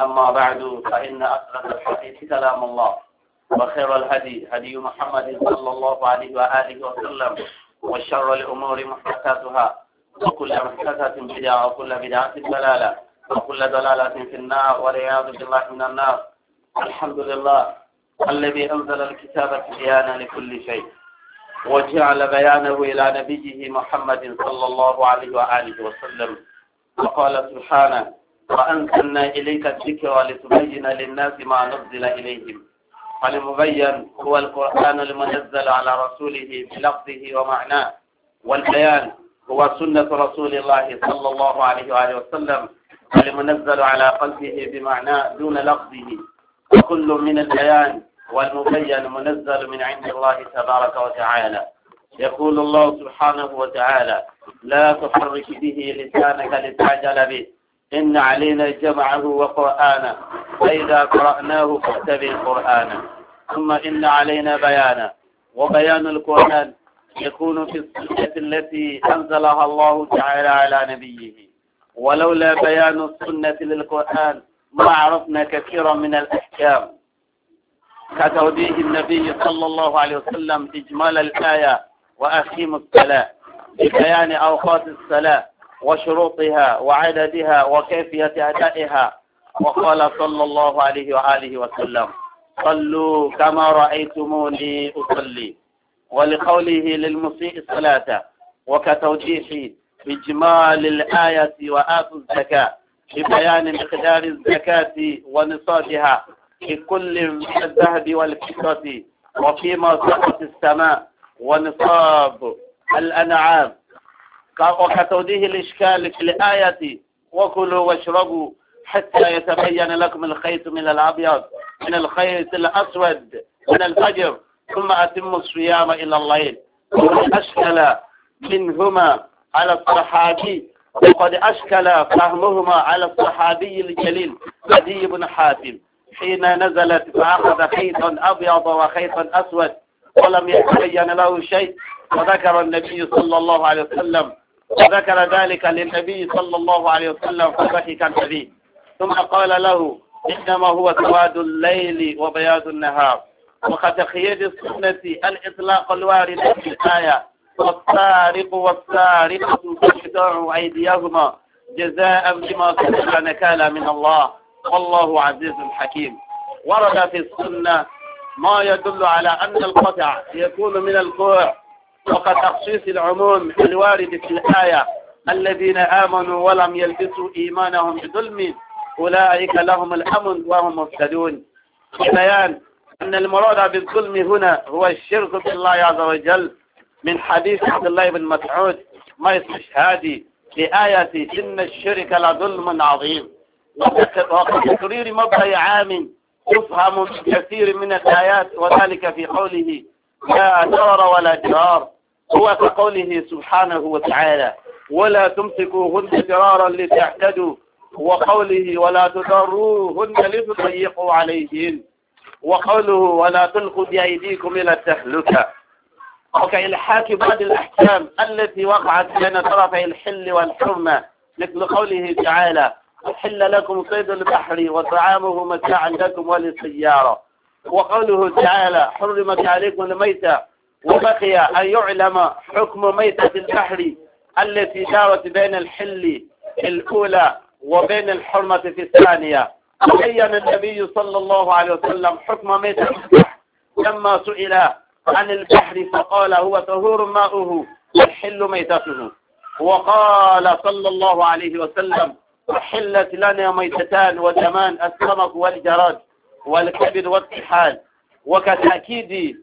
أما بعد فإن أصدق الحديث كلام الله وخير الهدي هدي محمد صلى الله عليه وآله وسلم وشر الأمور محدثاتها وكل محدثة بدعة وكل بدعة ضلالة وكل ضلالة في النار والعياذ بالله من النار الحمد لله الذي أنزل الكتاب بيانا لكل شيء وجعل بيانه إلى نبيه محمد صلى الله عليه وآله وسلم وقال سبحانه وأنزلنا إليك الذكر لتبين للناس ما نزل إليهم فالمبين هو القرآن المنزل على رسوله بلفظه ومعناه والبيان هو سنة رسول الله صلى الله عليه وآله وسلم المنزل على قلبه بمعناه دون لفظه وكل من البيان والمبين منزل من عند الله تبارك وتعالى يقول الله سبحانه وتعالى لا تحرك به لسانك لتعجل به إن علينا جمعه وقرآنه فإذا قرأناه فاتبع القرآن ثم إن علينا بيانه وبيان القرآن يكون في السنة التي أنزلها الله تعالى على نبيه ولولا بيان السنة للقرآن ما عرفنا كثيرا من الأحكام كتوجيه النبي صلى الله عليه وسلم إجمال الآية وأخيم الصلاة ببيان أوقات الصلاة وشروطها وعددها وكيفية أدائها وقال صلى الله عليه وآله وسلم صلوا كما رأيتموني أصلي ولقوله للمسيء الصلاة وكتوجيه بجمال الآية وآتوا الزكاة ببيان مقدار الزكاة ونصابها في كل من الذهب والفضة وفيما سقط السماء ونصاب الأنعام وكتوديه الإشكال في الآية وكلوا واشربوا حتى يتبين لكم الخيط من الأبيض من الخيط الأسود من الفجر ثم أتموا الصيام إلى الليل وقد أشكل منهما على الصحابي وقد أشكل فهمهما على الصحابي الجليل عدي بن حاتم حين نزلت فأخذ خيطا أبيض وخيطا أسود ولم يتبين له شيء وذكر النبي صلى الله عليه وسلم وذكر ذلك للنبي صلى الله عليه وسلم فضحك النبي ثم قال له إنما هو سواد الليل وبياض النهار وقد السنة الإطلاق الوارد في الآية والسارق والسارقة فاقطعوا أيديهما جزاء بما كتب نكالا من الله والله عزيز حكيم ورد في السنة ما يدل على أن القطع يكون من الكوع تخصيص العموم الوارد في الآية الذين آمنوا ولم يلبسوا إيمانهم بظلم أولئك لهم الأمن وهم مهتدون بيان أن المراد بالظلم هنا هو الشرك بالله عز وجل من حديث عبد الله بن مسعود ما هذه لآية إن الشرك لظلم عظيم تكرير مبدأ عام يفهم من كثير من الآيات وذلك في قوله لا ضرر ولا جرار هو كقوله سبحانه وتعالى ولا تمسكوهن جرارا لتعتدوا وقوله ولا تضروهن لتضيقوا عليهن وقوله ولا تلقوا بأيديكم إلى التهلكة وكإلحاك بعض الأحكام التي وقعت بين طرفي الحل والحرمة مثل قوله تعالى أحل لكم صيد البحر وطعامه متاعا لكم وللسيارة وقوله تعالى حرمت عليكم الميتة وبقي أن يعلم حكم ميتة البحر التي دارت بين الحل الأولى وبين الحرمة في الثانية بين النبي صلى الله عليه وسلم حكم ميتة البحر لما سئل عن البحر فقال هو طهور ماؤه الحل ميتته وقال صلى الله عليه وسلم حلت لنا ميتتان ودمان السمك والجراد والكبد والطحال وكتأكيد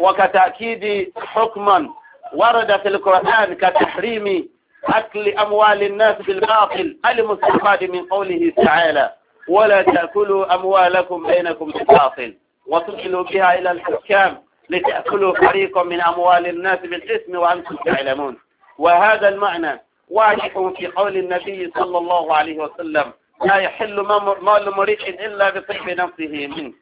وكتأكيد حكما ورد في القرآن كتحريم أكل أموال الناس بالباطل المستفاد من قوله تعالى ولا تأكلوا أموالكم بينكم بالباطل وتصلوا بها إلى الحكام لتأكلوا فريقا من أموال الناس بالإثم وأنتم تعلمون وهذا المعنى واضح في قول النبي صلى الله عليه وسلم لا يحل مال مريح إلا بطيب نفسه منه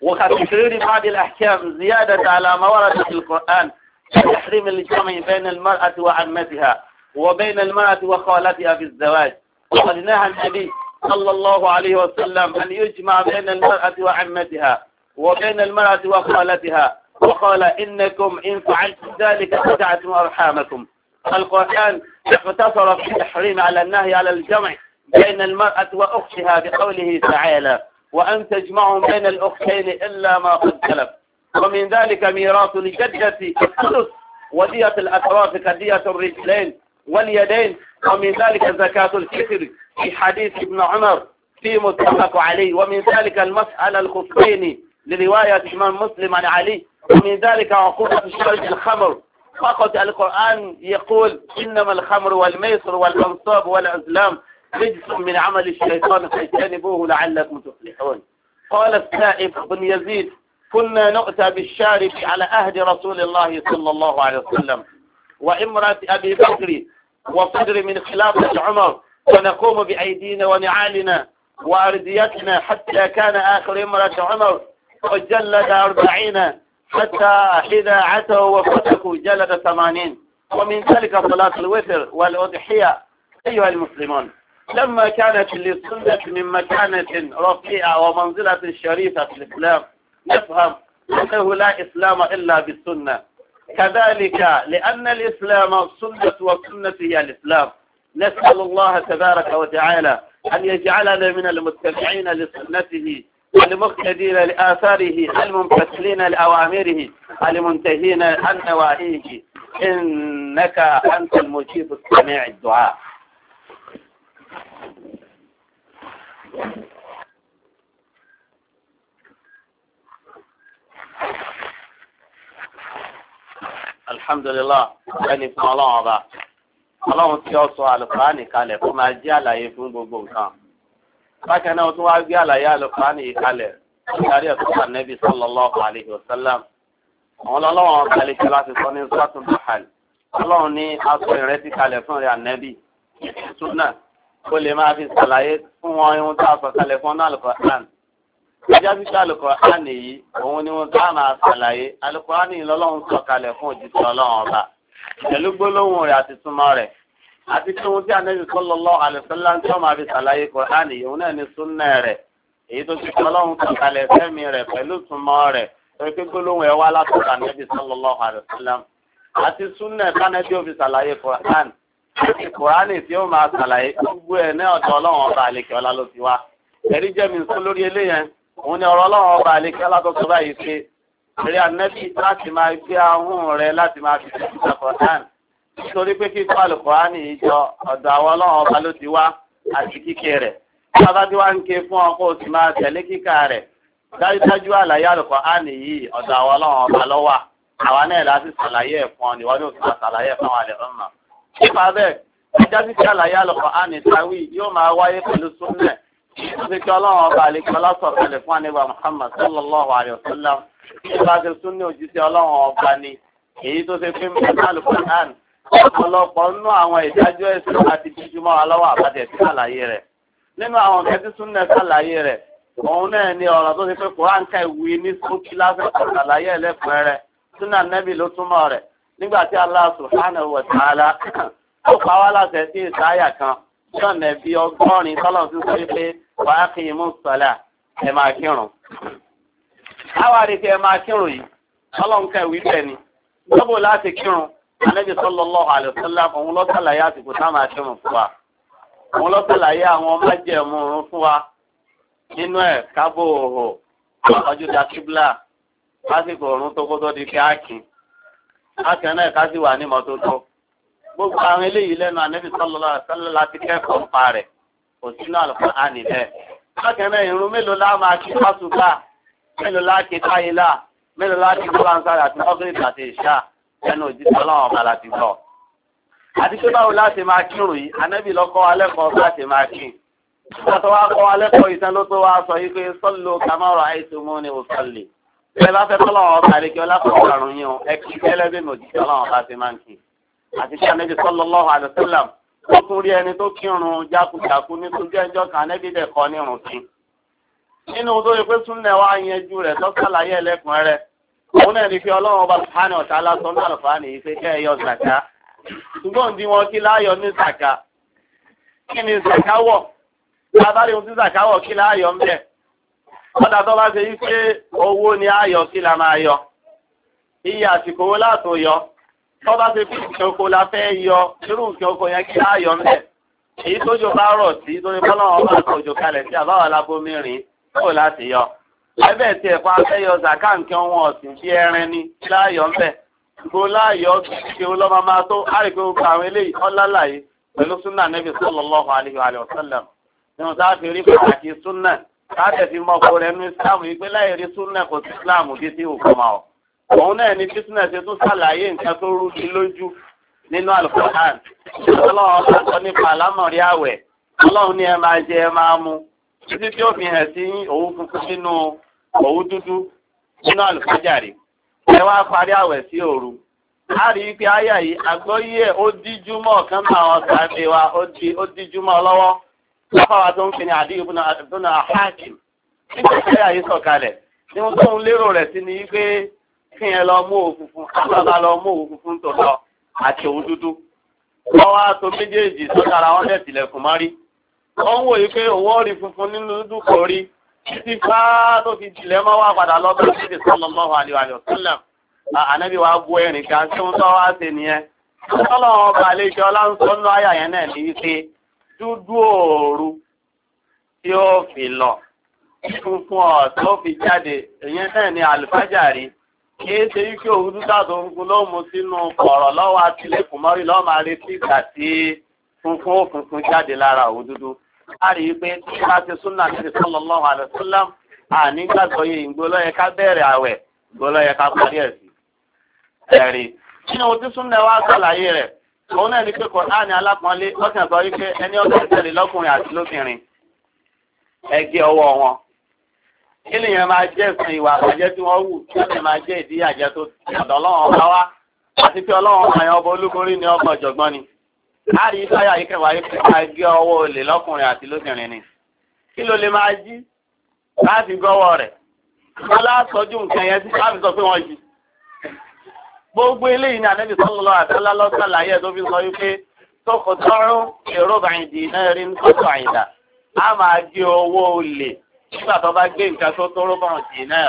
وقد تكرير بعض الأحكام زيادة على ما ورد في القرآن تحريم الجمع بين المرأة وعمتها وبين المرأة وخالتها في الزواج وقد نهى النبي صلى الله عليه وسلم أن يجمع بين المرأة وعمتها وبين المرأة وخالتها وقال إنكم إن فعلتم ذلك قطعتم أرحامكم القرآن اقتصر في التحريم على النهي على الجمع بين المرأة وأختها بقوله تعالى وأن تجمعوا بين الأختين إلا ما قد سلف ومن ذلك ميراث الجدة الثلث ودية الأطراف كدية الرجلين واليدين ومن ذلك زكاة الفطر في حديث ابن عمر في متفق عليه ومن ذلك المسألة الخفين لرواية إمام مسلم عن علي ومن ذلك عقوبة شرب الخمر فقط القرآن يقول إنما الخمر والميسر والأنصاب والأزلام رجس من عمل الشيطان فاجتنبوه لعلكم تفلحون قال السائب بن يزيد كنا نؤتى بالشارب على أهد رسول الله صلى الله عليه وسلم وامرأة أبي بكر وصدر من خلافة عمر ونقوم بأيدينا ونعالنا وأرديتنا حتى كان آخر امرأة عمر وجلد أربعين حتى إذا عتوا وفتكوا جلد ثمانين ومن ذلك صلاة الوتر والأضحية أيها المسلمون لما كانت للسنة من مكانة رفيعة ومنزلة شريفة في الإسلام نفهم أنه لا إسلام إلا بالسنة كذلك لأن الإسلام سنة والسنة هي الإسلام نسأل الله تبارك وتعالى أن يجعلنا من المتبعين لسنته المقتدين لآثاره الممتثلين لأوامره المنتهين عن نواهيه إنك أنت المجيب السميع الدعاء alhamdulilah ẹni fún ọlọ́run ọba ọlọ́run tí ó sọ àlùfáàní kalẹ̀ kó máa jẹ́ àlàyé fún gbogbo nǹkan bákan náà tó wá gbé àlàyé àlùfáàní yìí kalẹ̀ látàrí ẹ̀sùn ànẹ́bí sallallahu alayhi wa sallam àwọn ọlọ́run ọba àlejò láti sọ ní sọ́tún bàhálì ọlọ́run ní aṣọ ìrẹsì kalẹ̀ fún rẹ̀ ànẹ́bí sunna kó lè máa fi ṣàlàyé fún wọn ohun tá a sọ̀kalẹ̀ fún náà Al-Qur'an ìjà bí ká Al-Qur'an yìí òun ni wọn tá a máa ṣàlàyé Al-Qur'an yìí lọ́lọ́run sọ̀kalẹ̀ fún òjíṣẹ́ Ọlọ́run ọba pẹ̀lú gbólóhùn rẹ̀ àti túmọ̀ rẹ̀ àti pé ohun tí Ànábì sallallahu alaihi wasallam tí wọ́n máa fi ṣàlàyé Qur'an yìí òun náà ni súnnà rẹ̀ èyí tó ti Ọlọ́run sọ̀kalẹ̀ fẹ́mi rẹ̀ pẹ̀lú túmọ̀ rẹ̀ pé gbólóhùn ẹ̀ wá látọ̀dọ̀ Ànábì sallallahu alaihi wasallam àti súnnà kùránì tí ó máa ṣàlàyé gbogbo ẹ̀ ní ọ̀dọ̀ ọlọ́run ọba àlekè ọlá ló ti wá ẹ̀rí jẹ́ mi sún lórí eléyẹn òun ni ọ̀rọ̀ ọlọ́run ọba àlekè ọlá tó sọ báyìí pé eré anẹ́bí láti máa gbé ahọ́n rẹ láti máa fi tẹ̀sí sàkọ̀tán nítorí pé kíkọ́ àlùkùránì ìjọ ọ̀dọ̀ àwọn ọlọ́run ọba ló ti wá àti kíkẹ́ rẹ̀ sábàbí ń ké fún ọba ọ nípa bẹ́ẹ̀ ẹjọ́ títí àlàyé àlọ́kọ̀ àní tàwí yóò máa wáyé pẹ̀lú súnmẹ̀ ìsìnkú ọlọ́run ọba àlejò ọlọ́sọ̀ kalẹ̀ fún àníbà Muhammad sallallahu alayhi wa sallam nípa ti súnmẹ̀ òjíṣẹ́ ọlọ́run ọba ni èyí tó ṣe fún mẹ́tàlù kọ́ńtàn ọ̀pọ̀lọpọ̀ nínú àwọn ìdájọ́ ẹ̀sìn àti jíjúmọ́ aláwọ̀ àbájẹ̀ sí àlàyé rẹ̀ nínú àwọn kẹtí súnmẹ̀ sàlàyé rẹ̀ òun náà ni ọ̀rọ̀ tó ṣe pé kòránkà ìwé ní sókí lásìkò àlàyé ẹlẹ́kùnrin rẹ̀ súnà nẹ́bì ló túmọ̀ rẹ̀ nígbà tí Allah subhanahu wa ta'ala ó pa wá láṣẹ sí ìsáyà kan sọ̀nà bíi ọgọ́rin tọ́lọ̀ tó sọ pé wa aqimu ssalah ẹ máa kírun. Àwa rí pé ẹ máa kírun yìí tọ́lọ̀ ń kẹ́ ìwé bẹ́ẹ̀ ni. Lọ́bù láti kírun, Ànábì sallallahu alaihi wasallam òun ló ṣàlàyé àsìkò tá máa kírun fún wa. Òun ló àwọn májẹ̀mú òun fún wa. Nínú ẹ̀ kábò òhò, ọjọ́ dakíbla, lásìkò òun tó di káàkiri láti ẹ̀nà ẹ̀ka sì wà ní mọ́tótó gbogbo àwọn eléyìí lẹ́nu ànẹ́bí sọ́lọ́lá sọ́lọ́ láti kẹ́kọ̀ọ́ pa rẹ̀ kò sínú àlùfáà àní bẹ́ẹ̀. láti ẹ̀nà ìrun mélòó lá máa kí pásùkà mélòó lá kí táyélà mélòó lá kí kọ́lánsárì àti ọ́gírìtì àti ìṣá ẹnu òjijì ọlọ́run ọ̀gá láti gbọ́. àti pé báwo láti máa kírun yìí ànẹ́bí lọ́kọ́ alẹ́kọ̀ọ́ láti máa kí ẹ bá fẹ́ tọ́lọ̀ ọba àlejò ọlákùnrin àrùn yìí o ẹ kì í tẹ́lẹ̀ bí mòjì tọ́lọ̀ ọba ti máa ń kì í. àti sí ànẹ́bí sallallahu alaihi wasallam ó tún rí ẹni tó kírun jákujàku ní tún jẹ́ ẹjọ́ kan ànẹ́bí dẹ̀ kọ́ nírun sí. nínú tó yẹ pé súnlẹ̀ wá yanjú rẹ̀ tó sàlàyé ẹlẹ́kùnrin rẹ̀ òun náà ní fi ọlọ́run ọba sùhánì ọ̀tá lásán kọ́dà tó bá ṣe yí pé owó ni ayọ̀ kí la máa yọ iye àsìkò owó látò yọ tó bá ṣe fún ìkẹ́ oko la fẹ́ yọ irú ìkẹ́ oko yẹn kí láàyọ̀ ń bẹ̀ èyí tó jò bá rọ̀ sí tó ní bọ́lá wọn bá tó kalẹ̀ sí àbáwọ̀ alábomi rìn kó láti yọ ẹbẹ̀ tí ẹ̀fọn afẹ́ yọ zaka nǹkan wọn ọ̀sìn bí ẹrin ni kí láàyọ̀ ń bẹ̀ gbogbo láàyọ̀ kí o lọ́mọ máa tó àríkè gbogbo àwọn eléyìí ọlálàyé pẹ̀lú súnà nẹ́bí sallallahu alaihi wa sallam nínú táà fi rí pàtàkì súnà káàtẹ̀ fi mọ ọkọ rẹ̀ ní islam yìí pé súnà kò sí islam dé sí òkú ma ọ. òun náà ni tún ṣàlàyé nǹkan tó rú ni lójú nínú alukoran ọlọ́run ọba sọ nípa àlámọ̀rí àwẹ̀ ọlọ́run ní ẹ máa jẹ ẹ máa mu títí tí ó fi hàn sí òun funfun nínú òun dúdú nínú ẹ wá parí àwẹ̀ sí a rí i pé àyà yìí àgbọ́yé ó díjú mọ́ ọ̀kan ọ̀sán àti láfàwà tó ń fi ní àdíyù búnà àhákìm nígbà tí àyè sọ̀kalẹ̀ ni wọ́n tó ń lérò rẹ̀ sí ni pé kí ẹ lọ mú òkùnfún àbábá lọ mú òkùnfún tó lọ àti òun dúdú wọ́n wá tó méjèèjì tó dára wọ́n tẹ̀sí lẹ̀kùn mọ́rí wọ́n ń wò yí pé òun ó rí funfun nínú dúdú kò rí títí fá tó fi jìlẹ̀ mọ́ wá padà lọ bẹ́ẹ̀ sí sallallahu alaihi wa sallam ànábì wa bu ẹ̀rìn kan tí wọ́n tọ́ wá ṣe nìyẹn tọ́lọ́wọ́n balẹ̀ ìṣọ́lá ń sọ́nú àyà yẹn náà ní í ṣe dúdú òòru tí ó fi lọ funfun ọ̀tọ́ fi jáde ìyẹn náà ni àlùfájàrí kìí ṣe wípé òun dúdú àtọ̀funfun ló mú sínú kọ̀rọ̀ lọ́wọ́ àtìlẹ́kùn mọ́rí lọ́wọ́ máa retí ìgbà tí funfun ó funfun jáde lára òun dúdú a rí pé tí a ti súnà níbi sallallahu alaihi wasallam àní gbàgbọ́ yìí ìgbólọ́yẹ ká bẹ̀rẹ̀ àwẹ̀ ìgbólọ́yẹ ká parí ẹ̀ sí. ẹ̀rí nínú ohun tí súnà wa rẹ̀ òun náà ní pé kọ̀ọ̀tánì alápọ̀nlé lọ́sàn sọ wípé ẹni ọdún tẹ̀lé lọ́kùnrin àti lóbìnrin ẹgbẹ́ ọwọ́ wọn kí nìyẹn máa jẹ́ ìsìn ìwà àbàjẹ́ tí wọ́n wù kí wọ́n sì máa jẹ́ ìdí àjẹ́ tó ọ̀dọ̀ ọlọ́run ọba wá àti pé ọlọ́run ọba yẹn ọba olúborí ni ọkọ̀ ọ̀jọ̀gbọ́n ni láàrin ìfáyà yìí kẹwàá yìí fún ẹgbẹ́ ọwọ́ olè lọ́kùnrin àti lóbìnrin ni kí ló lè máa jí láti gọ́wọ́ rẹ̀ wọ́n lá sọjú nǹkan yẹn sí láti sọ pé wọ́n jí gbogbo eléyìí ni anabi sọlọ àtàlà lọsàlàyé tó fi sọ wípé tókò tọrún èrò bàyìndì náà rí nítòtò àyìndà a máa gé owó olè nígbà tó bá gbé nǹkan tó tóró bàyìndì náà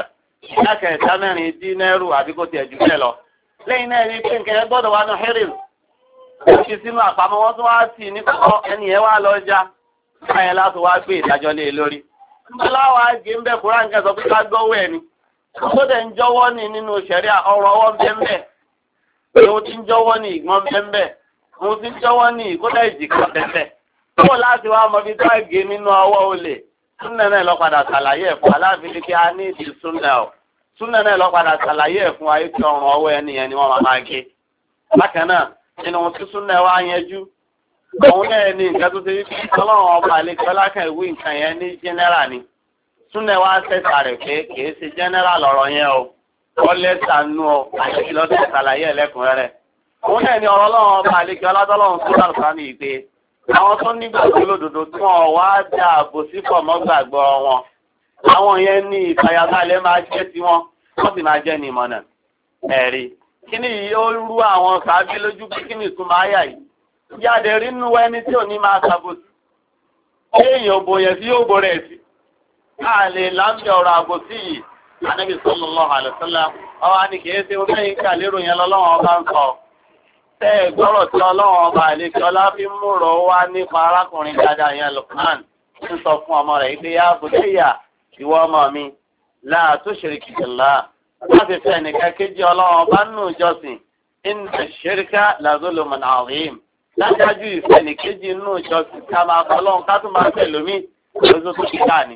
ìyá kẹta mẹ́rin dínẹrù àbí kò tiẹ̀ jù bẹ́ẹ̀ lọ lẹ́yìn náà ni pé nǹkan yẹn gbọ́dọ̀ wà ní wọn tó wá sí i ẹni yẹn wá lọ já báyẹn láti wá gbé ìdájọ́ lé e lórí wa tó dẹ̀ ń jọwọ́ ní nínú ṣẹ̀ríà ọrọ̀ ọwọ́ bẹ́ẹ̀ ohun tí ń jọwọ́ ní ìgbọ́n bẹ́ẹ̀ ohun tí ń jọwọ́ ní ìkódà ìjìká bẹ́ẹ̀ kó láti wá mọ́bí tó àgé nínú ọwọ́ olè súnà náà ṣàlàyé ẹ̀fọ́ aláàfin kí a ní ìdí súnà ọ̀ súnà náà lọ padà ṣàlàyé ẹ̀fún ayé tí ọrùn ọwọ́ ẹni yẹn ni wọ́n máa máa gé bákan náà nínú tí súnà wa yẹjú òun náà ní nǹkan tó ṣe wípé ọlọ́run ọba àlejò ọlákàn ìwé nǹkan yẹn ní jẹ́nẹ́rà ni súnlẹ̀ wá tẹ̀sà rẹ̀ pé kìí ṣe general ọ̀rọ̀ yẹn o wọ́n lẹ́sà nú ọ àyẹ̀kí lọ́dẹ̀ ṣàlàyé ẹlẹ́kùnrẹ́rẹ́. òun náà ni ọ̀rọ̀ ọlọ́run ọba àlejò aládọ́lọ́run tó dàrú sáni ìpè àwọn tó nígbàgbọ́ lódodo tí wọ́n wá dá àbò sí pọ̀ mọ́ wọn. àwọn yẹn ní ìfàyàbalẹ̀ máa jẹ́ ti wọn wọ́n sì máa jẹ́ ní ìmọ̀nà ẹ̀rí. kíní yìí ó rú àwọn sàábí lójú pé kíní ìtumọ̀ àyà yìí. yàdẹ̀ nú ẹni tí ò ní máa ṣàbòsí. ó yẹ káàlè láńbẹ̀ ọ̀rọ̀ àgòsí yìí anábì sallallahu alaihi wasallam ọwọ́ ní kìí ṣe obìnrin kà lérò yẹn lọ́lọ́wọ́ ọba ń sọ tẹ́ ẹ̀ gbọ́rọ̀ tí ọlọ́wọ́ ọba àlejò ọlá fi ń múrọ̀ wá nípa arákùnrin dáadáa yẹn Luqman ń sọ fún ọmọ rẹ̀ ìgbé yá bùdíyà ìwọ ọmọ mi la tushriki billah láti fẹ́ nìkan kéjì ọlọ́wọ́ ọba nù jọ́sìn inna shirka la zulmun azim ìfẹ́ nìkejì nù jọ́sìn ká máa kọ́ ká tún máa tẹ̀ lómi lóṣù tó kíkà ni.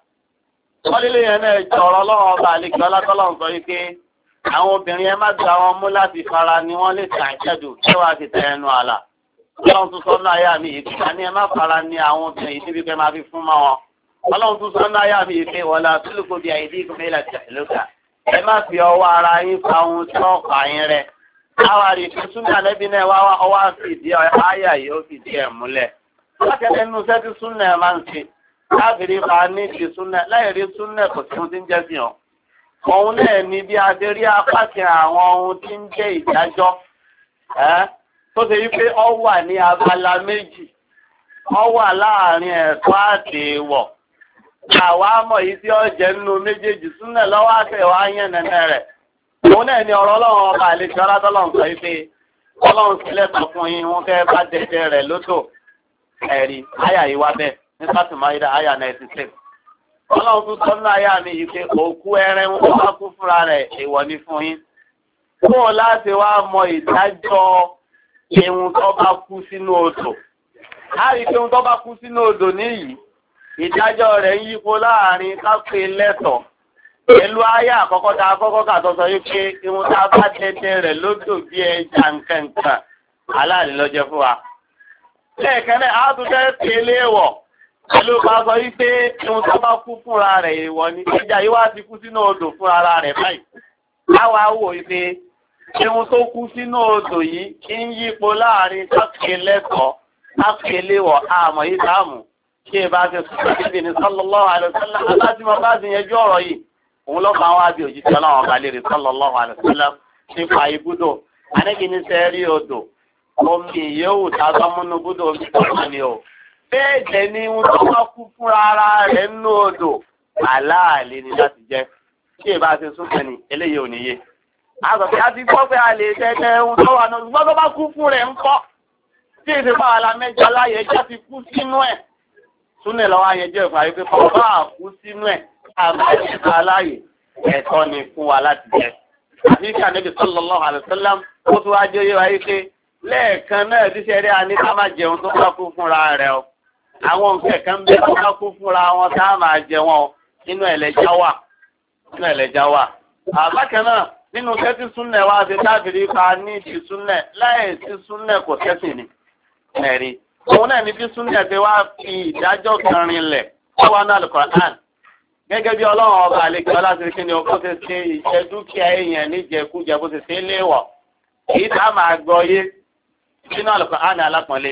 wọ́n nílé yẹn náà jọ ọ̀rọ̀ ọlọ́run ọba àlejò ọlákọ́lọ́run sọ wípé àwọn obìnrin ẹ má gba wọn mú láti fara ni wọ́n lè tàn ìṣẹ́dù tí wàá fi tẹ ẹnu àlà ọlọ́run tún sọ náà yá mi èké ká ní ẹ má fara ni àwọn obìnrin yìí níbi pé máa fi fún mọ́ wọn ọlọ́run tún sọ náà yá mi èké wọlé àtúlùkọ bíi àyè bíi kòmílà tẹ̀lókà ẹ má fi ọwọ́ ara yín fa ohun tí wọ́n pa láàrin bá ní ti súnlẹ̀ láìrí súnlẹ̀ kò tí ń jẹ́ sí hàn. òun náà ni bí a ti rí àwọn ohun tí ń jẹ́ ìdájọ́ tó ṣe wípé ọ wà ní abala méjì ọ wà láàrin ẹ̀tọ́ àtẹ̀wọ̀ àwa mọ̀ yìí tí ọ̀jẹ̀ nínú méjèèjì súnlẹ̀ lọ́wọ́ àtẹ̀wọ̀ ayẹ̀ nẹ̀nẹ̀ rẹ̀ òun náà ní ọ̀rọ̀ ọlọ́run ọba àlejò ọlátọ́lọ́ ọlọ́run sílẹ̀ tọkùnrin wọn bá rẹ̀ lótò ẹ̀rí yìí wá bẹ́ẹ̀. nípa tó máa yẹ àyà ninety six ọlọ́run tún sọ náà yà ní ìpè òkú ẹrin wọn bá kú fúnra rẹ̀ èèwọ̀ ní fún yín kó o láti wá mọ ìdájọ́ irun tó bá kú sínú odò á rí i pé irun tó bá kú sínú odò níyìí ìdájọ́ rẹ̀ ń yípo láàrin kápé lẹ́tọ̀ọ́ pẹ̀lú ayé àkọ́kọ́ tá a kọ́kọ́ kà tọ́sọ yìí pé irun tá a bá tẹ́tẹ́ rẹ̀ lódò bí ẹja nǹkan nǹkan aláàlú lọ́jọ́ fún wa. lẹ́ẹ̀kan náà á tún fẹ́ pélé wọ̀ pẹ̀lú bá sọ wípé ohun tó bá kú fúnra rẹ̀ ìwọ ni ìjà yìí wá ti kú sínú odò fúnra rẹ̀ báyìí láwa wò wípé ohun tó kú sínú odò yìí kí ń yípo láàrin káfíń lẹ́kọ̀ọ́ káfíń léwọ̀ àmọ́ yìí dáàmú kí ẹ bá ti sọ̀rọ̀ síbi ní sallallahu alaihi wasallam aláàtìmọ̀ bá ti yanjú ọ̀rọ̀ yìí òun lọ́kàn àwọn àbí òjijì ọlọ́run ọ̀gá lérè sallallahu alaihi wasallam nípa ibùdó anẹ́gìnísẹ́ rí odò omi yóò tá a sọ múnú búdó omi tó wà ní o bẹ́ẹ̀ jẹ́ ní ohun tó wá kú fúnra ara rẹ̀ nínú odò aláàlè ni láti jẹ́ tí èbá ṣe súnkẹ́ ni eléyìí ò níye àgbàgbé a ti gbọ́ pé a lè tẹ́tẹ́ ohun tó wà náà ṣùgbọ́n tó bá kú fún rẹ̀ ń kọ́ tí èsì pa àlà mẹ́jọ láyé ẹjọ́ ti kú sínú ẹ̀ súnlẹ̀ lọ́wọ́ ayẹjẹ́ ìfà yìí pé bàbá àkú sínú ẹ̀ àmọ́ aláyè ẹ̀tọ́ ni fún wa láti jẹ àti kí ànábì sallallahu alaihi wasallam ó tún wá jẹ́ yé wa yìí pé lẹ́ẹ̀kan náà tíṣẹ́ rí a ní ká má jẹun tó bá kú fúnra rẹ̀ o àwọn nǹkan kan bẹ tó bá fúnra wọn tá a máa jẹ wọn nínú ẹlẹ́jà wà nínú ẹlẹ́jà wà. àbákan náà nínú tẹ́tí súnlẹ̀ wa ṣe tábìlì pa ní ti súnlẹ̀ láì sí súnlẹ̀ kò tẹ́sìn ni. ẹ̀rí òun náà ní bí súnlẹ̀ ti wá fi ìdájọ́ kan rinlẹ̀ tó wà náà al gẹ́gẹ́ bí ọlọ́run ọba àlejò aláṣẹ́kí ni ọkọ̀ ṣe ṣe ìṣẹ́ dúkìá èèyàn níjẹkújẹ bó ṣe ṣe léèwọ̀ èyí tá a máa gbọ́ yé sínú Al-Qur'an alápọ̀nlé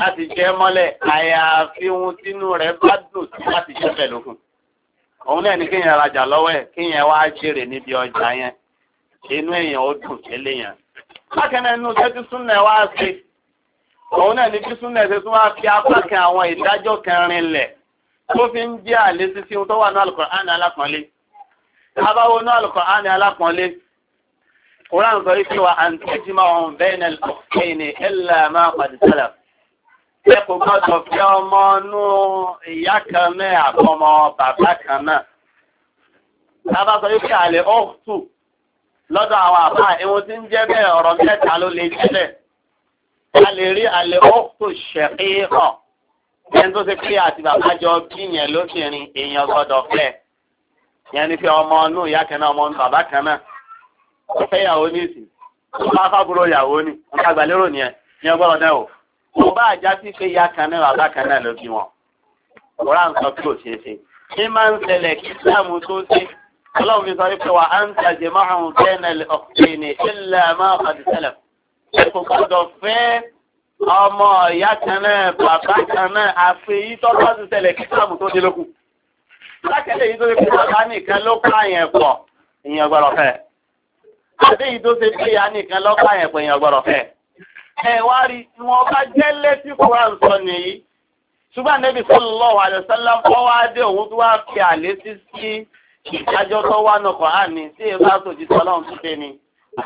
láti jẹ́ mọ́lẹ̀ àyàfi ohun tínú rẹ̀ bá dùn sí láti jẹ́ pẹ̀lú fún. òun náà ni kéèyàn rajà lọ́wọ́ ẹ̀ kéèyàn wá jèrè níbi ọjà yẹn inú èèyàn ó dùn tẹ́lẹ̀ yẹn. bákan inú tẹ́tí súnlẹ̀ wá sí òun náà ni tí súnlẹ̀ ṣe tún wá fi apá kan àwọn ìdájọ́ kan rinlẹ̀ tó fi ń jẹ́ àlé sí ohun tó wà ní Al-Qur'an alápọ̀nlé. abáwo ní Al-Qur'an alápọ̀nlé Kùrán sọ wípé wa àǹtí jìmọ̀ ọ̀hún bẹ́ẹ̀ Ẹ kò gbọ́dọ̀ fi ọmọ inú ìyá kan náà àbọ̀mọ bàbá kan náà. Bàbá sọ wípé àlè ọ́ọ̀tù lọ́dọ̀ àwọn àbá ìwọ̀n tí ń jẹ́ bẹ́ẹ̀ ọ̀rọ̀ mẹ́ta ló lè jẹ́lẹ̀. A lè rí àlè ọ́ọ̀tù ṣẹ̀kí hàn. Ẹni tó ṣe pé àti bàbá jọ bí yẹn lóbìnrin èèyàn gbọ́dọ̀ fẹ́. Yẹn ni kò bá àjá sí pé ya kan náà bàbá kan náà ló bí wọn ọ̀rá ń sọ pé ò ṣeé ṣe ní máa ń ṣẹlẹ̀ kí Ìsìláàmù tó ṣe ọlọ́run fi sọ wípé wà á ń tàjẹ́ márùn-ún kẹ́nà ọ̀pẹ̀ẹ̀nì ilẹ̀ máa pàdé sẹ́lẹ̀ kò gbọdọ̀ fẹ́ ọmọ ìyá kan náà bàbá kan náà àfi yí tó bá ti ṣẹlẹ̀ kí Ìsìláàmù tó ṣe lókù lákẹ́lẹ̀ yìí tó ṣe pé bàbá nìkan ló pààyàn pọ̀ ìyẹn gbọdọ̀ fẹ́ àdéyìí tó ṣe pé ìyá nìkan ló pààyàn pọ̀ ìyẹn gbọdọ̀ fẹ́ ẹ̀wárí wọn bá jẹ́ létí Quran sọ nìyí ṣùgbọ́n nẹ́bí sallallahu alaihi wasallam kọ́ wá dé òun tó wá fi àlésí sí ìdájọ́ tó wá nà kọ́ àní tí èèyàn bá tòjì sọlọ́run tó dé ni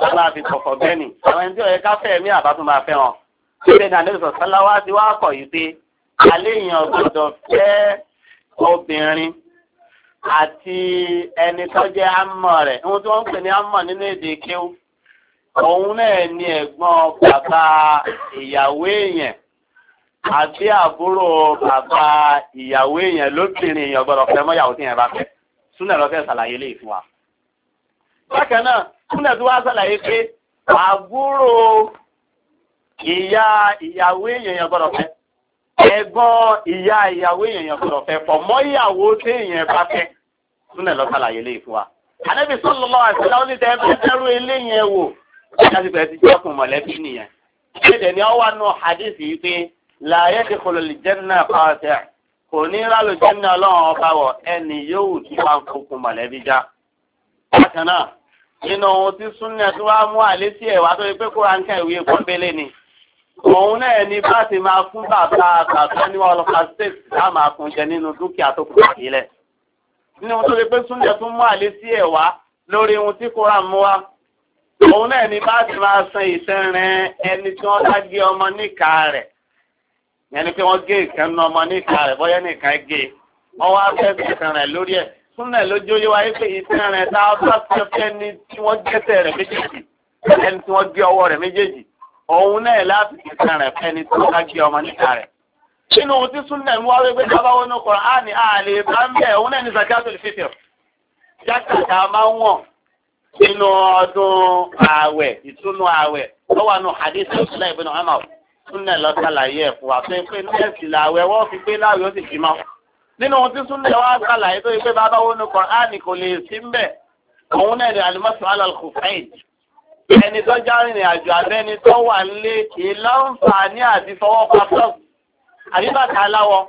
àbá fi kọ̀kọ̀ bẹ́ẹ̀ ni àwọn ẹni tí ọ̀yẹ́ ká fẹ́ mí àbá tó máa fẹ́ wọn. ṣé ní àlẹ́ sọ̀tọ́ láwá ti wá kọ̀ yìí pé alẹ́ èèyàn gbọ́dọ̀ fẹ́ obìnrin àti ẹni tó jẹ́ ámọ̀ rẹ̀ ohun tí ń pè ní ámọ̀ nínú èdè kéwù òun náà ni ẹ̀gbọ́n bàbá ìyàwó èèyàn àti àbúrò bàbá ìyàwó èèyàn lóbìnrin èèyàn gbọ́dọ̀ fẹ́ mọ́yàwó tí yẹn bá fẹ́ súnà lọ́fẹ́ ṣàlàyé lè fún wa. bákan náà súnà tí wàá ṣàlàyé pé àbúrò ìyá ìyàwó èèyàn gbọ́dọ̀ fẹ́ ẹ̀gbọ́n ìyá ìyàwó èèyàn gbọ́dọ̀ fẹ́ pọ̀ mọ́yàwó tí yẹn bá fẹ́ súnà lọ́ṣàlàyé lè fún wa. ànábì sallallahu alaihi wasallam lásìkò ẹtì jẹ́ ọkùn mọ̀lẹ́bí nìyẹn. Ẹ̀dẹ̀ ni ọ wà nù hadith yìí pé láyé ti kò lè jẹ́nà pàṣẹ. Kò ní rálò jẹ́nà ọlọ́run ọba wọ̀ ẹni yóò tí wà ń fokùn mọ̀lẹ́bí já. Bákan náà, nínú ohun tí súnà tí wàá mú àlé sí ẹ̀wà tó yẹ pé kó ránkà ìwé pọ́nbélé ni. Òun náà ni bá ti máa fún bàbá bàbá ní ọlọ́pàá state tá máa fún jẹ nínú dúkìá tó kù sílẹ̀. Nínú tó yẹ pé súnà tún mú àlé sí ẹ̀wà lórí ohun tí kó rà mú wa òun náà ni bá ti máa san ìtẹ́rin ẹni tí wọ́n bá gé ọmọ níka rẹ̀ yẹn ni pé wọ́n gé ìkan nu ọmọ níka rẹ̀ bọ́yẹ́ nìkan gé wọ́n wá fẹ́ sẹ̀sẹ̀ rẹ̀ lórí ẹ̀ súnlẹ̀ lójú yóò wáyé pé ìtẹ́rin tá a bá fẹ́ fẹ́ ni tí wọ́n gẹ́sẹ̀ rẹ̀ méjèèjì ẹni tí wọ́n gé ọwọ́ rẹ̀ méjèèjì òun náà láti sẹ̀sẹ̀ rẹ̀ fẹ́ ni tí wọ́n bá gé ọmọ níka rẹ̀ nínú ohun tí súnlẹ̀ ń wáwé pé bàbá wọn ní Kùránì àlè bá ń bẹ̀ òun náà ní zakatul fitr jákàtà máa ń wọ̀n nínú ọdún ààwẹ̀ ìtúnú ààwẹ̀ tó wà nù hadith ọ̀sùnlẹ̀ ìbínú ọmọ súnlẹ̀ lọ́sàlàyé ẹ̀fọ́ àfẹ́ pé ní ẹ̀sìn làwẹ̀ wọ́n fi pé láwẹ̀ ó sì fi mọ́ nínú ohun tí súnlẹ̀ wá sàlàyé tó yẹ pé bàbá wọnú Kùránì kò lè sí mbẹ̀ òun náà ni alimọ́sùn alàlùkùfẹ́yìn ẹni tó já rìnrìn àjò abẹ́ni tó wà nílé kì í láǹfààní àti fọwọ́ pa flọ́ọ̀ àdíbàtà aláwọ̀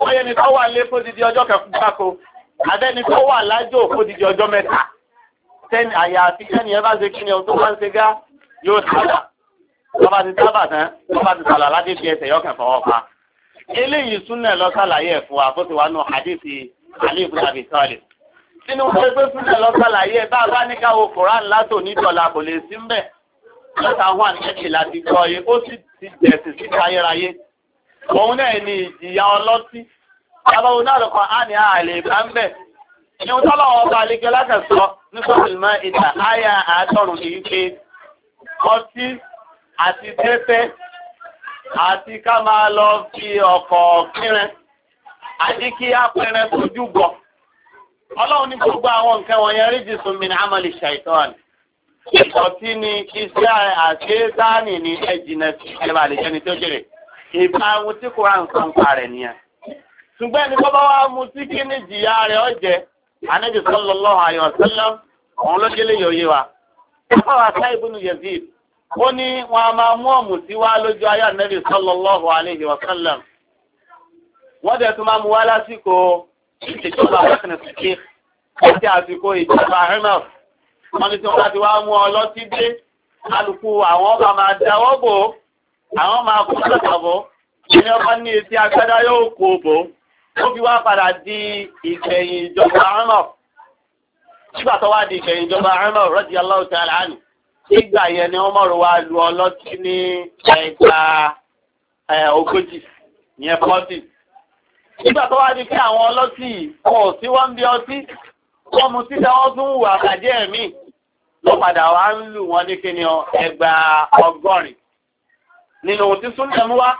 wọ́n yẹni tó wà nílé fódìdí ọjọ́ kẹfù gbáko abẹ́ni tó wà lájò fódìdí ọjọ́ mẹ́ta tẹ́ni àyà àti tẹ́ni ẹ ṣe kí ni ọ tó ń ṣe gá yóò sábà lọ́ba ti sábà tán lọ́ba ti sàlà láti fi ẹsẹ̀ yọkàn fọwọ́ pa. eléyìí súnà lọ sàlàyé ẹ̀fọ́ àfọ́síwá nù hadithi Ali ibn Abi Talib. nínú pẹ́pẹ́ lọ sàlàyé bá bá ní káwọ koran látò ní kò lè sí mbẹ̀. lọ́sà wọn àti láti gbọ́ yé ó sì ti dẹ̀sìn sí káyéráyé. òun náà ni ìjìyà ọlọ́tí. àbáwọn náà lọ́kọ̀ á ní àlè bá ń bẹ̀ ìyẹn tó lọ́wọ́ ọba àlejò lákàtọ́ ní sọ́sìlmọ́ ìta àyà àádọ́rùn èyí pé ọtí àti tẹ́tẹ́ àti ká máa lọ fi ọkọ̀ kírẹ àti kí apẹrẹ tójú bọ̀ ọlọ́run ní gbogbo àwọn nǹkan wọ̀nyẹn ríjì sùn mí ní amọ̀lì ṣàìtọ́ọ̀nì ìtọ́tí ni iṣẹ́ àṣetáàní ní ẹ̀jìnà sí ẹ̀bà àlejò ni tó jèrè ìbáwọn tí kò rà nǹkan pa rẹ̀ nìyẹn ṣùgbọ́n ẹni tó bá wá kí ní jìyà rẹ̀ ọ̀jẹ̀ anabi sallallahu alayhi wa sallam òun ló délé yòóyé wa ọkọ àṣà ìbùnú yazid ó ní wọn a máa mú ọmù sí wa lójú ayé anabi sallallahu alayhi wa sallam wọn dẹ̀ tún máa mú wa lásìkò ìṣèjọba wákìnì sìkì àti àsìkò ìjọba himel wọn ní tí wọn bá ti wá mú ọ lọ sí dé alùpù àwọn ọba máa dáwọ́ bò àwọn máa kó sọ̀tàbọ̀ ìní ọba ní etí agbádá yóò kó bò ó fi wá padà di ìgbẹ̀yìn ìjọba Umar nígbà tó wá di ìgbẹ̀yìn ìjọba Umar radiyallahu ta'ala anhu nígbà yẹn ni Umar wá lu ọlọ́tí ní ẹ̀ka ogójì yẹn fọ́tì nígbà tó wá di pé àwọn ọlọ́tí kò sí wọ́n bí ọtí wọ́n mu síta wọ́n tún wù àkàjẹ́ mi ló padà wá ń lù wọ́n ní kíni ẹgbà ọgọ́rin nínú òtí súnlẹ̀ mú wá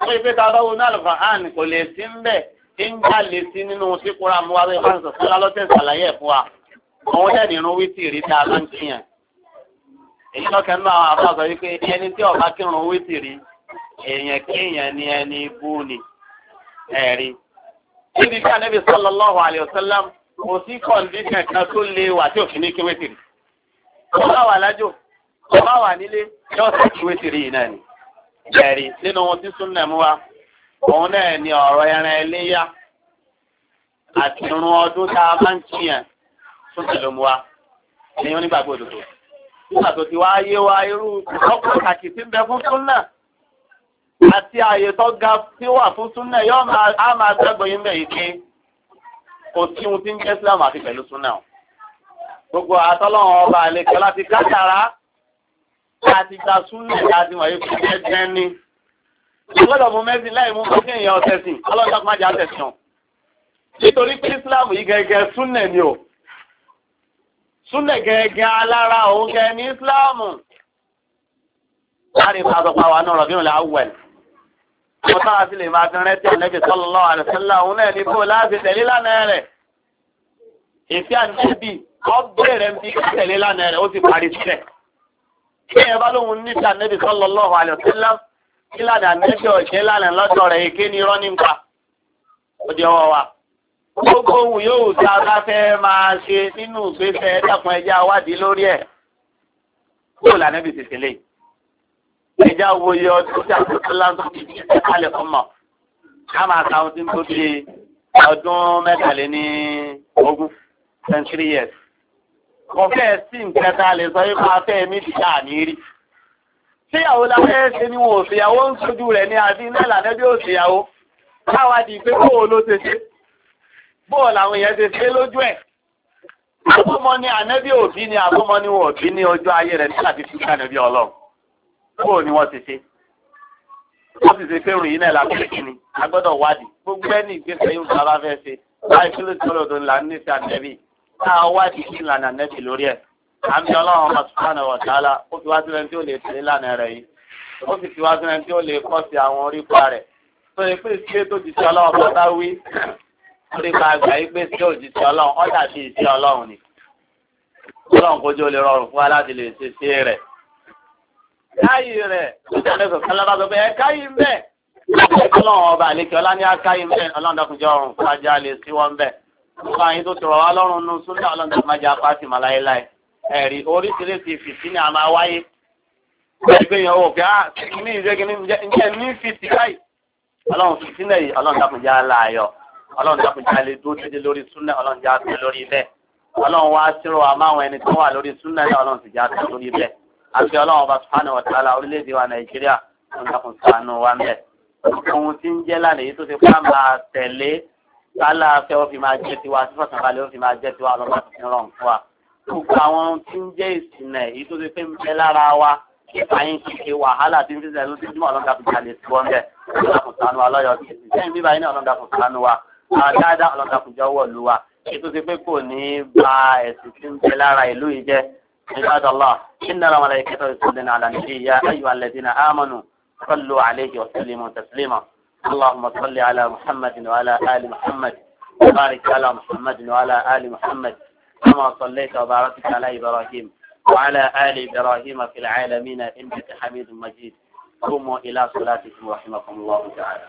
wọ́n yí pé ta bá wo náà lọ́fà hàn kò lè sí ń bẹ́ẹ̀ ńgbà lè sí nínú síkúra mu wáwé wọn sọ fún lálọ́tẹ̀ ṣàlàyé ẹ̀ fún wa àwọn jáde irun wítì rí tá a bá ń kíyàn èyí lọ́kẹ́ nínú àwọn àbá wípé ẹni tí ọba kírun wítì rí èèyàn kéèyàn ni ẹni bú ni ẹ̀rí. níbi tí anábì sallallahu alaihi wasallam kò sí kọ̀ǹdíṣàn kan tó lé wà tí òfin ní kí wítì rí. ọba wà lájò ọba wà nílé yóò sì kí wítì yìí náà ni ẹ̀rí nínú ohun tí súnmọ̀ mú wa òun náà ni ọ̀rọ̀ ẹran ẹléyà àti irun ọdún tá a bá ń kíyàn tó tẹ̀lé mu wa ni òdòdó. Nígbà tó ti wá ayé wa irú ọkọ̀ kàkì tí ń bẹ fún súnà àti ààyè tó ga tí wà fún súnà yóò máa máa gbẹ́gbọ́ yín bẹ̀ yìí pé kò sí ohun tí ń jẹ́ Islam àti pẹ̀lú súnà o. Gbogbo àtọ́lọ́run ọba àlekẹ́ láti kátàrá láti gba súnà láti wọ̀nyí fún ẹgbẹ́ ní ọgbọ́dọ̀ mú mẹ́sìn láì mú mẹ́sìn èèyàn ọ̀tẹ̀sìn ọlọ́dọ̀ má jà tẹ̀sán nítorí pé Islam yìí gẹ́gẹ́ súnẹ̀ ni o súnẹ̀ gẹ́gẹ́ alára òun gẹ́ ní Islam láàrin pàtàkì àwọn náà rọ̀bí òun àwẹ̀ wọ́n tára sí lè máa fi rẹ́ tí ànẹ́bì sọ́lọ́lọ́ àrẹ̀sẹ́lá òun náà ní kó láti tẹ̀lé lánàá rẹ̀ kí lànà ọ̀ṣẹ́ lànà lọ́dọ̀ rẹ̀ èké ni irọ́ nípa òdì ọwọ́ wa gbogbo ohun yóò ta bá fẹ́ máa ṣe nínú ìgbésẹ̀ ẹ̀dàkùn ẹja wádìí lórí ẹ̀ kúrò lànà bìtì sílẹ̀ ẹja wo yọ ọdún tí a ogún century years kò fẹ́ẹ̀ sí nǹkan tá a lè sọ yípa fẹ́ẹ̀ mí ti dáa ní rí síyàwó lábẹ́ ṣe ni wọn ò síyàwó ń sojú rẹ̀ ní àti iná ìlànà bí ó síyàwó láwàá di pé bóò ló ṣe ṣe bóò làwọn èèyàn ṣe ṣe lójú ẹ̀ àbọ́mọ ni ànẹ́bí òbí ni àbọ́mọ ni wọn òbí ní ọjọ́ ayé rẹ̀ nígbà tí fífà ní bí ọlọ́run bóò ni wọ́n ti ṣe wọ́n ti ṣe fẹ́rù yìí náà lábẹ́ kí a gbọ́dọ̀ wádìí gbogbo ẹni ìgbésẹ̀ yóò bá bá fẹ́ ṣe láì kí ló ti ọlọ́dún là ń nífẹ̀ẹ́ ànẹ́bí táà wádìí kí ìlànà ànẹ́bí àmì ọlọ́run ọmọ sùpánà ọ̀tàlá ó fi wá sílẹ̀ tí ó lè tẹ̀lé lánàá rẹ̀ yìí ó sì fi wá sílẹ̀ tí ó lè kọ́ sí àwọn orípa rẹ̀ tó lè pè sí ètò òjìṣẹ́ ọlọ́run bọ́tá wí orípa àgbà yìí pé sí òjìṣẹ́ ọlọ́run ó dàbí ìṣẹ́ ọlọ́run ni ọlọ́run kójú ó lè rọrùn fún wa ṣe ṣe rẹ̀ káyì rẹ̀ ìjọba kálábà sọ pé ẹ káyì ń bẹ̀ ọlọ́run ọba àlekè ọlá ní akáyì ń bẹ̀ ọlọ́run dákunjọ́ ọrùn fún ajá lè sí wọn bẹ̀ fún àyín tó tọrọ wá lọ́rùn ẹ̀rí oríṣiríṣi fìtínà a máa wáyé ẹgbẹ́yàn owó pé ah ní ìṣẹ́gini ǹjẹ́ ní fìtì báyìí ọlọ́run fìtínà yìí ọlọ́run dákunjá láàyọ̀ ọlọ́run dákunjá lè dúró dédé lórí súnà ọlọ́run já sí lórí bẹ́ẹ̀ ọlọ́run wá sírò àmáwọn ẹni tó wà lórí súnà náà ọlọ́run sì já sí lórí bẹ́ẹ̀ àti ọlọ́run ọba sùpánù ọ̀tàlá orílẹ̀-èdè wa nàìjíríà ọlọ́run dákun ṣàánú wa ń bẹ̀ ohun tí ń jẹ́ lánàá èyí tó ti pa máa tẹ̀lé sálà fẹ́ ó fi máa jẹ́ tiwa sífọ̀sán balẹ̀ ó fi máa jẹ́ tiwa ọlọ́run bá ti fi rọrùn fún wa gbogbo àwọn tí ń jẹ́ ìsìnà èyí tó ti fi ń bẹ lára wa ìfàyín kìkì wàhálà tí ń fi sẹ́yìn lójoojúmọ́ ọlọ́dà kò jalè sí wọn bẹ́ẹ̀ ọlọ́dà kò sánú wa lọ́yọ̀ sí sẹ́yìn bíbá yín náà ọlọ́dà kò sánú wa dáadáa ọlọ́dà kò jọ̀wọ́ lu wa èyí tó ti pé kò ní ba ẹ̀sìn tí ń bẹ lára ìlú yìí jẹ́ nígbàdàn lọ inna كما صليت وباركت على إبراهيم وعلى آل إبراهيم في العالمين إنك حميد مجيد قوموا إلى صلاتكم رحمكم الله تعالى